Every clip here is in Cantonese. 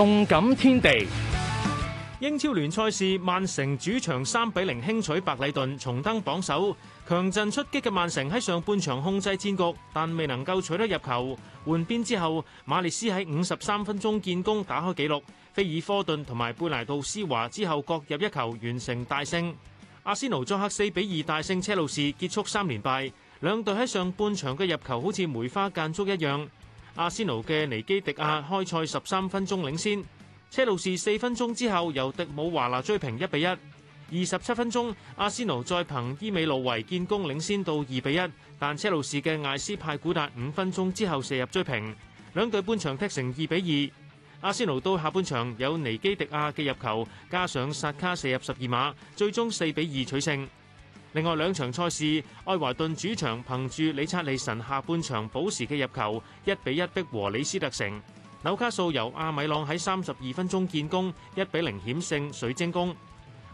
動感天地，英超聯賽事，曼城主場三比零輕取白禮頓，重登榜首。強陣出擊嘅曼城喺上半場控制戰局，但未能夠取得入球。換邊之後，馬利斯喺五十三分鐘建功打開紀錄。菲爾科頓同埋貝萊杜斯華之後各入一球，完成大勝。阿仙奴作客四比二大勝車路士，結束三連敗。兩隊喺上半場嘅入球好似梅花間竹一樣。阿仙奴嘅尼基迪亞開賽十三分鐘領先，車路士四分鐘之後由迪姆華拿追平一比一。二十七分鐘，阿仙奴再憑伊美路維建功領先到二比一，但車路士嘅艾斯派古達五分鐘之後射入追平，兩隊半場踢成二比二。阿仙奴到下半場有尼基迪亞嘅入球，加上薩卡射入十二碼，最終四比二取勝。另外兩場賽事，愛華頓主場憑住理察利神下半場保時嘅入球，一比一逼和李斯特城。紐卡素由阿米朗喺三十二分鐘建功，一比零險勝水晶宮。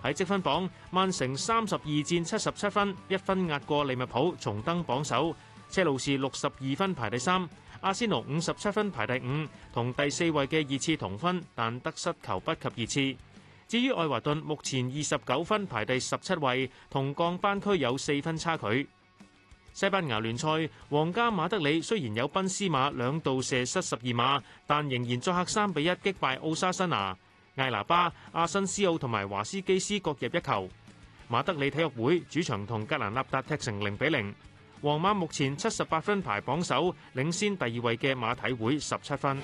喺積分榜，曼城三十二戰七十七分，一分壓過利物浦，重登榜首。車路士六十二分排第三，阿仙奴五十七分排第五，同第四位嘅熱刺同分，但得失球不及熱刺。至於愛華頓，目前二十九分排第十七位，同降班區有四分差距。西班牙聯賽，皇家馬德里雖然有賓斯馬兩度射失十二碼，但仍然作客三比一擊敗奧沙辛拿。艾拿巴、阿辛斯奧同埋華斯基斯各入一球。馬德里體育會主場同格蘭納達踢成零比零。皇馬目前七十八分排榜首，領先第二位嘅馬體會十七分。